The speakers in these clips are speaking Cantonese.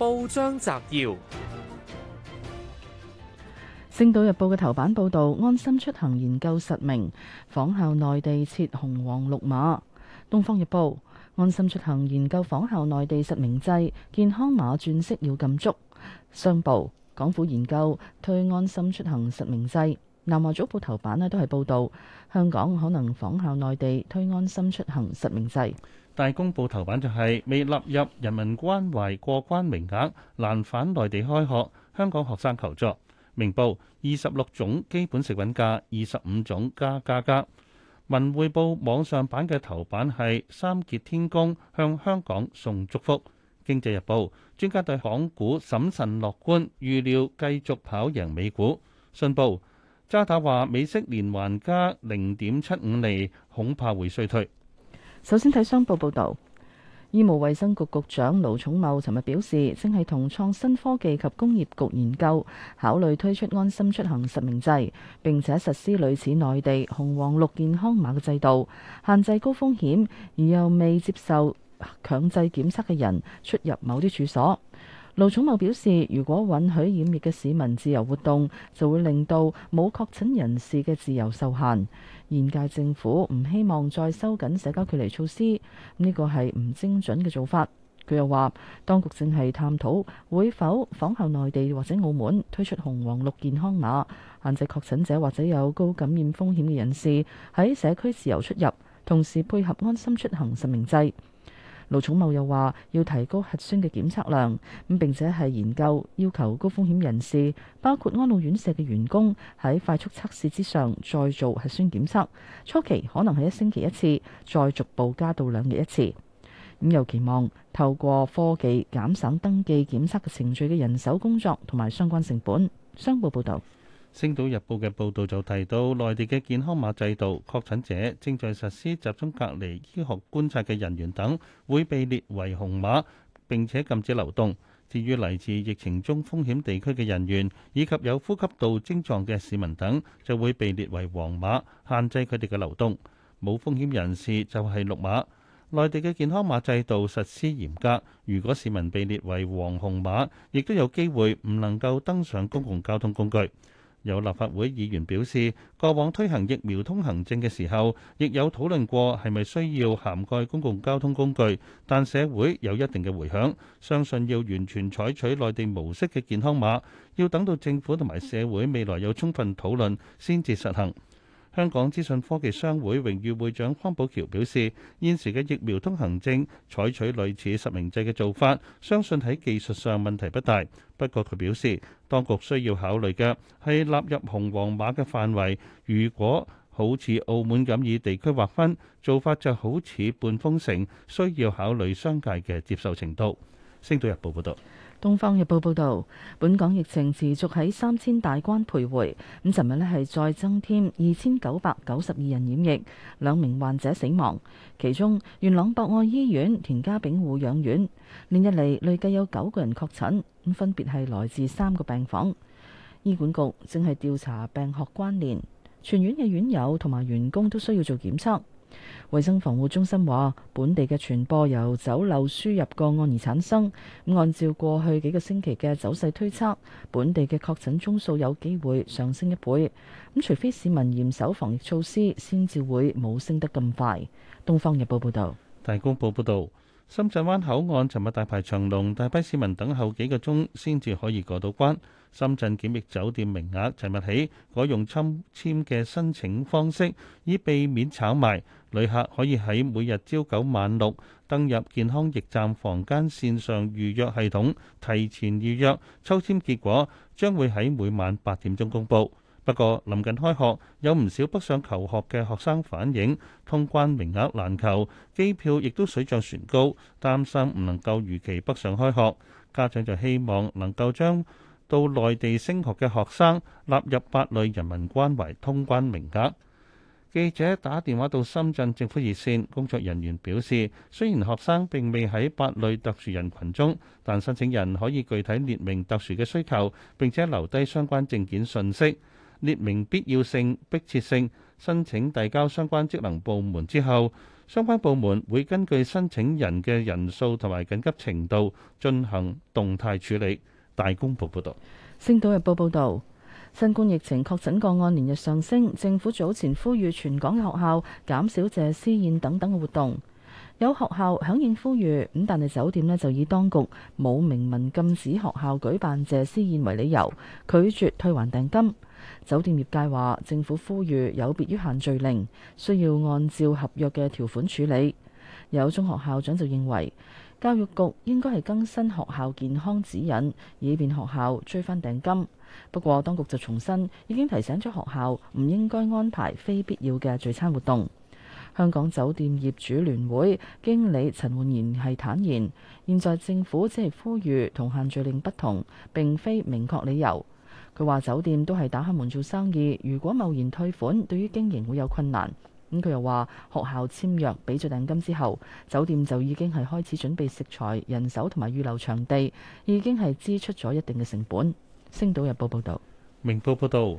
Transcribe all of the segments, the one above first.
報章摘要：《星島日報》嘅頭版報道，安心出行研究實名仿效內地設紅黃綠碼；《東方日報》安心出行研究仿效內地實名制，健康碼轉色要禁足；商報港府研究推安心出行實名制。南華早報頭版呢都係報道，香港可能仿效內地推安心出行實名制。大公報頭版就係未納入人民關懷過關名額，難返內地開學，香港學生求助。明報二十六種基本食品價，二十五種加價格。文匯報網上版嘅頭版係三傑天工向香港送祝福。經濟日報專家對港股審慎樂觀，預料繼續跑贏美股。信報。渣打話：美息連環加零點七五厘，恐怕會衰退。首先睇商報報道，醫務衛生局局長盧寵茂尋日表示，正係同創新科技及工業局研究，考慮推出安心出行實名制，並且實施類似內地紅黃綠健康碼嘅制度，限制高風險而又未接受強制檢測嘅人出入某啲處所。盧寵茂表示，如果允許染疫嘅市民自由活動，就會令到冇確診人士嘅自由受限。現屆政府唔希望再收緊社交距離措施，呢個係唔精準嘅做法。佢又話，當局正係探討會否仿效內地或者澳門推出紅黃綠健康碼，限制確診者或者有高感染風險嘅人士喺社區自由出入，同時配合安心出行實名制。盧頌茂又話：要提高核酸嘅檢測量，咁並且係研究要求高風險人士，包括安老院舍嘅員工喺快速測試之上再做核酸檢測，初期可能係一星期一次，再逐步加到兩日一次。咁又期望透過科技減省登記檢測嘅程序嘅人手工作同埋相關成本。商報報道。《星島日報》嘅報導就提到，內地嘅健康碼制度，確診者正在實施集中隔離、醫學觀察嘅人員等會被列為紅碼，並且禁止流動。至於來自疫情中風險地區嘅人員，以及有呼吸道症狀嘅市民等，就會被列為黃碼，限制佢哋嘅流動。冇風險人士就係綠碼。內地嘅健康碼制度實施嚴格，如果市民被列為黃紅碼，亦都有機會唔能夠登上公共交通工具。有立法會議員表示，過往推行疫苗通行證嘅時候，亦有討論過係咪需要涵蓋公共交通工具，但社會有一定嘅迴響，相信要完全採取內地模式嘅健康碼，要等到政府同埋社會未來有充分討論先至實行。香港資訊科技商會榮譽會長方保僑表示，現時嘅疫苗通行證採取類似實名制嘅做法，相信喺技術上問題不大。不過，佢表示，當局需要考慮嘅係納入紅黃碼嘅範圍。如果好似澳門咁以地區劃分，做法就好似半封城，需要考慮商界嘅接受程度。星島日報報道。《東方日報》報道，本港疫情持續喺三千大關徘徊。咁，尋日咧係再增添二千九百九十二人染疫，兩名患者死亡，其中元朗博愛醫院、田家炳護養院。連日嚟累計有九個人確診，咁分別係來自三個病房。醫管局正係調查病學關聯，全院嘅院友同埋員工都需要做檢測。衛生防護中心話，本地嘅傳播由走漏輸入個案而產生。咁按照過去幾個星期嘅走勢推測，本地嘅確診宗數有機會上升一倍。咁除非市民嚴守防疫措施，先至會冇升得咁快。東方日報報道，大公報報道。深圳灣口岸尋日大排長龍，大批市民等候幾個鐘先至可以過到關。深圳檢疫酒店名額尋日起改用抽籤嘅申請方式，以避免炒賣。旅客可以喺每日朝九晚六登入健康驛站房間線上預約系統，提前預約，抽籤結果將會喺每晚八點鐘公布。不過，臨近開學，有唔少北上求學嘅學生反映，通關名額難求，機票亦都水漲船高，擔心唔能夠如期北上開學。家長就希望能夠將到內地升學嘅學生納入八類人民關懷通關名額。記者打電話到深圳政府熱線，工作人員表示，雖然學生並未喺八類特殊人群中，但申請人可以具體列明特殊嘅需求，並且留低相關證件信息。列明必要性、迫切性，申請遞交相關職能部門之後，相關部門會根據申請人嘅人數同埋緊急程度進行動態處理。大公報報道，星島日報報道，新冠疫情確診個案連日上升，政府早前呼籲全港嘅學校減少謝師宴等等嘅活動。有學校響應呼籲，咁但係酒店呢就以當局冇明文禁止學校舉辦謝師宴為理由，拒絕退還訂金。酒店業界話，政府呼籲有別於限聚令，需要按照合約嘅條款處理。有中學校長就認為，教育局應該係更新學校健康指引，以便學校追翻訂金。不過當局就重申，已經提醒咗學校唔應該安排非必要嘅聚餐活動。香港酒店業主聯會經理陳煥然係坦言，現在政府即係呼籲同限聚令不同，並非明確理由。佢話酒店都係打開門做生意，如果貿然退款，對於經營會有困難，咁、嗯、佢又話學校簽約俾咗訂金之後，酒店就已經係開始準備食材、人手同埋預留場地，已經係支出咗一定嘅成本。星島日報報道，明報報道。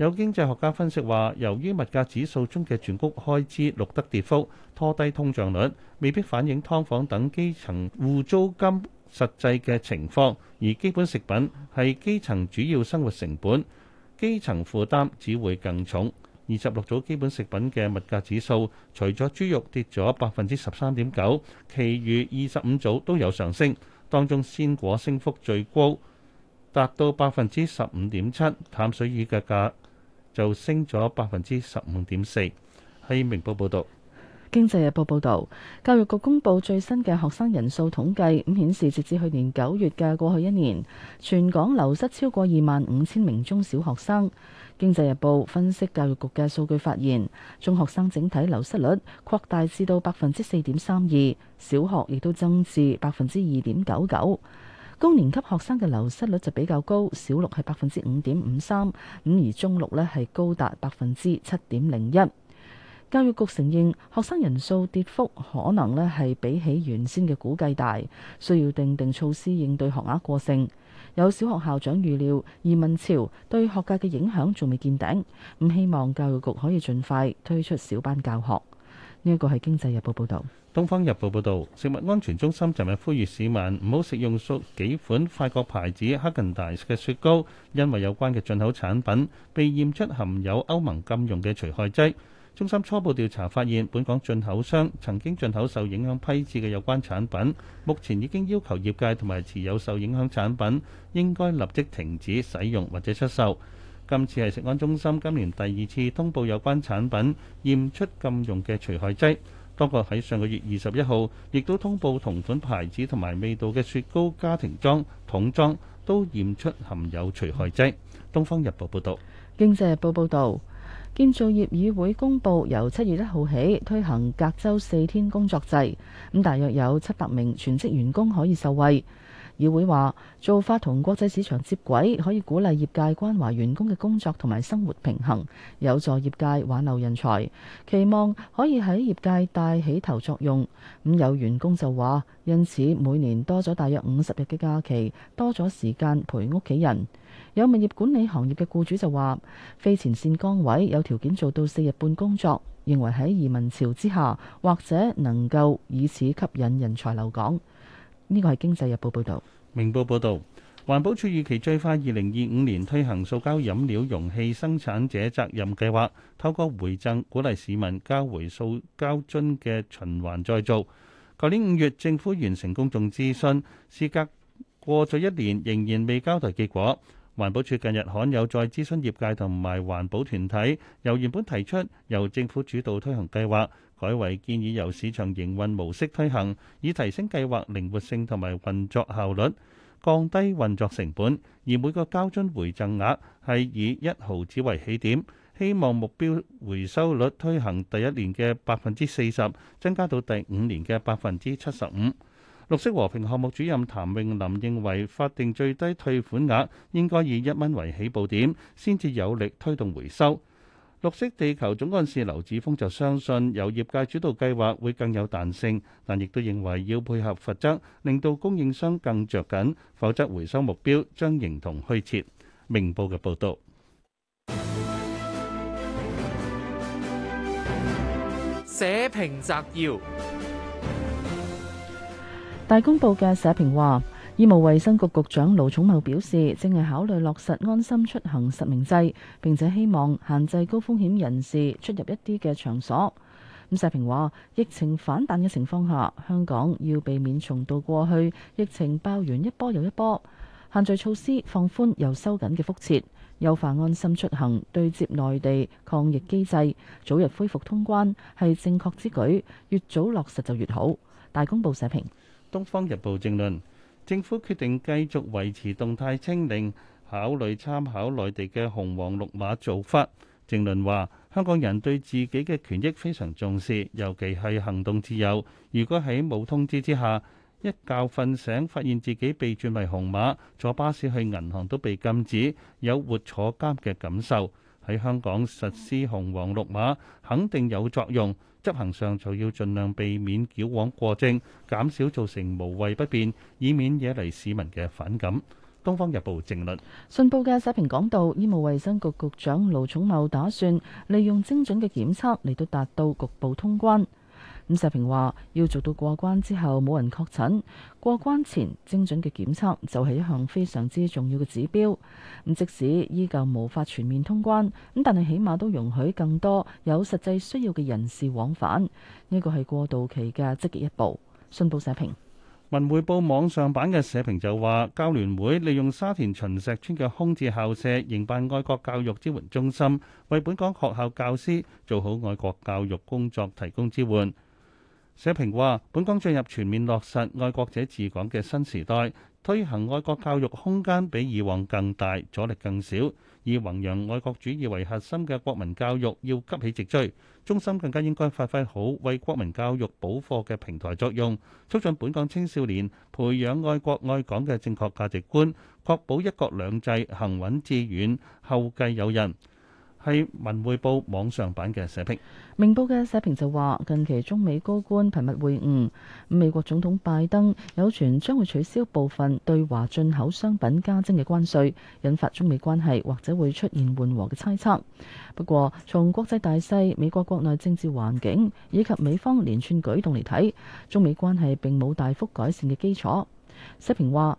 有經濟學家分析話，由於物價指數中嘅住屋開支錄得跌幅，拖低通脹率，未必反映劏房等基層戶租金實際嘅情況，而基本食品係基層主要生活成本，基層負擔只會更重。二十六組基本食品嘅物價指數，除咗豬肉跌咗百分之十三點九，其餘二十五組都有上升，當中鮮果升幅最高，達到百分之十五點七，淡水魚嘅價格，就升咗百分之十五點四。喺《明報》報道，《經濟日報》報道，教育局公布最新嘅學生人數統計，咁顯示截至去年九月嘅過去一年，全港流失超過二萬五千名中小學生。《經濟日報》分析教育局嘅數據發，發現中學生整體流失率擴大至到百分之四點三二，小學亦都增至百分之二點九九。高年級學生嘅流失率就比較高，小六係百分之五點五三，五而中六呢係高達百分之七點零一。教育局承認學生人數跌幅可能呢係比起原先嘅估計大，需要定定措施應對學額過剩。有小學校長預料移民潮對學界嘅影響仲未見頂，咁希望教育局可以盡快推出小班教學。呢一個係《經濟日報》報道。《東方日報》報導，食物安全中心昨日呼籲市民唔好食用數幾款法國牌子哈根達斯嘅雪糕，因為有關嘅進口產品被驗出含有歐盟禁用嘅除害劑。中心初步調查發現，本港進口商曾經進口受影響批次嘅有關產品，目前已經要求業界同埋持有受影響產品應該立即停止使用或者出售。今次係食安中心今年第二次通報有關產品驗出禁用嘅除害劑。不過，喺上個月二十一號，亦都通報同款牌子同埋味道嘅雪糕家庭裝、桶裝，都驗出含有除害劑。《東方日報》報道。《經濟日報》報道，建造業議會公佈由七月一號起推行隔週四天工作制，咁大約有七百名全職員工可以受惠。議會話做法同國際市場接軌，可以鼓勵業界關懷員工嘅工作同埋生活平衡，有助業界挽留人才。期望可以喺業界帶起頭作用。咁有員工就話，因此每年多咗大約五十日嘅假期，多咗時間陪屋企人。有物業管理行業嘅僱主就話，非前線崗位有條件做到四日半工作，認為喺移民潮之下，或者能夠以此吸引人才留港。呢個係《經濟日報》報導，《明報》報導，環保署預期最快二零二五年推行塑膠飲料容器生產者責任計劃，透過回贈鼓勵市民交回塑膠樽嘅循環再造。去年五月，政府完成公眾諮詢，事隔過咗一年，仍然未交代結果。環保署近日罕有再諮詢業界同埋環保團體，由原本提出由政府主導推行計劃，改為建議由市場營運模式推行，以提升計劃靈活性同埋運作效率，降低運作成本。而每個膠樽回贈額係以一毫子為起點，希望目標回收率推行第一年嘅百分之四十，增加到第五年嘅百分之七十五。綠色和平項目主任譚詠琳認為法定最低退款額應該以一蚊為起步點，先至有力推動回收。綠色地球總幹事劉子峯就相信由業界主導計劃會更有彈性，但亦都認為要配合罰則，令到供應商更著緊，否則回收目標將形同虛設。明報嘅報導。社評摘要。大公報嘅社評話，醫務衛生局局長盧寵茂表示，正係考慮落實安心出行實名制，並且希望限制高風險人士出入一啲嘅場所。咁社評話，疫情反彈嘅情況下，香港要避免重蹈過去疫情爆完一波又一波限聚措施放寬又收緊嘅覆轍，優化安心出行對接內地抗疫機制，早日恢復通關，係正確之舉，越早落實就越好。大公報社評。《東方日報》政論：政府決定繼續維持動態清零，考慮參考內地嘅紅黃綠碼做法。政論話：香港人對自己嘅權益非常重視，尤其係行動自由。如果喺冇通知之下，一覺瞓醒，醒，發現自己被轉為紅碼，坐巴士去銀行都被禁止，有活坐監嘅感受。喺香港實施紅黃綠碼肯定有作用。執行上就要盡量避免矯枉過正，減少造成無謂不便，以免惹嚟市民嘅反感。《東方日報》正論、《信報》嘅社評講到，醫務衛生局局長盧寵茂打算利用精準嘅檢測嚟到達到局部通關。伍社評話要做到過關之後冇人確診，過關前精準嘅檢測就係一項非常之重要嘅指標。咁即使依舊無法全面通關，咁但係起碼都容許更多有實際需要嘅人士往返，呢個係過渡期嘅積極一步。信報社評，《文匯報》網上版嘅社評就話，教聯會利用沙田秦石村嘅空置校舍，營辦愛國教育支援中心，為本港學校教師做好愛國教育工作提供支援。社評話：本港進入全面落實愛國者治港嘅新時代，推行愛國教育空間比以往更大，阻力更少，以弘揚愛國主義為核心嘅國民教育要急起直追，中心更加應該發揮好為國民教育補課嘅平台作用，促進本港青少年培養愛國愛港嘅正確價值觀，確保一國兩制行穩致遠，後繼有人。係《文匯報》網上版嘅社評，《明報》嘅社評就話：近期中美高官頻密會晤，美國總統拜登有傳將會取消部分對華進口商品加徵嘅關稅，引發中美關係或者會出現緩和嘅猜測。不過，從國際大勢、美國國內政治環境以及美方連串舉動嚟睇，中美關係並冇大幅改善嘅基礎。社評話。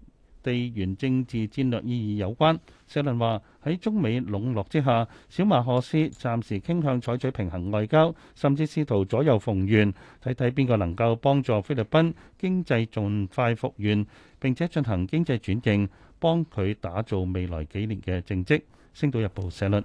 地緣政治戰略意義有關，社論話喺中美籠絡之下，小馬可斯暫時傾向採取平衡外交，甚至試圖左右逢源，睇睇邊個能夠幫助菲律賓經濟盡快復原，並且進行經濟轉型，幫佢打造未來幾年嘅政績。星島日報社論。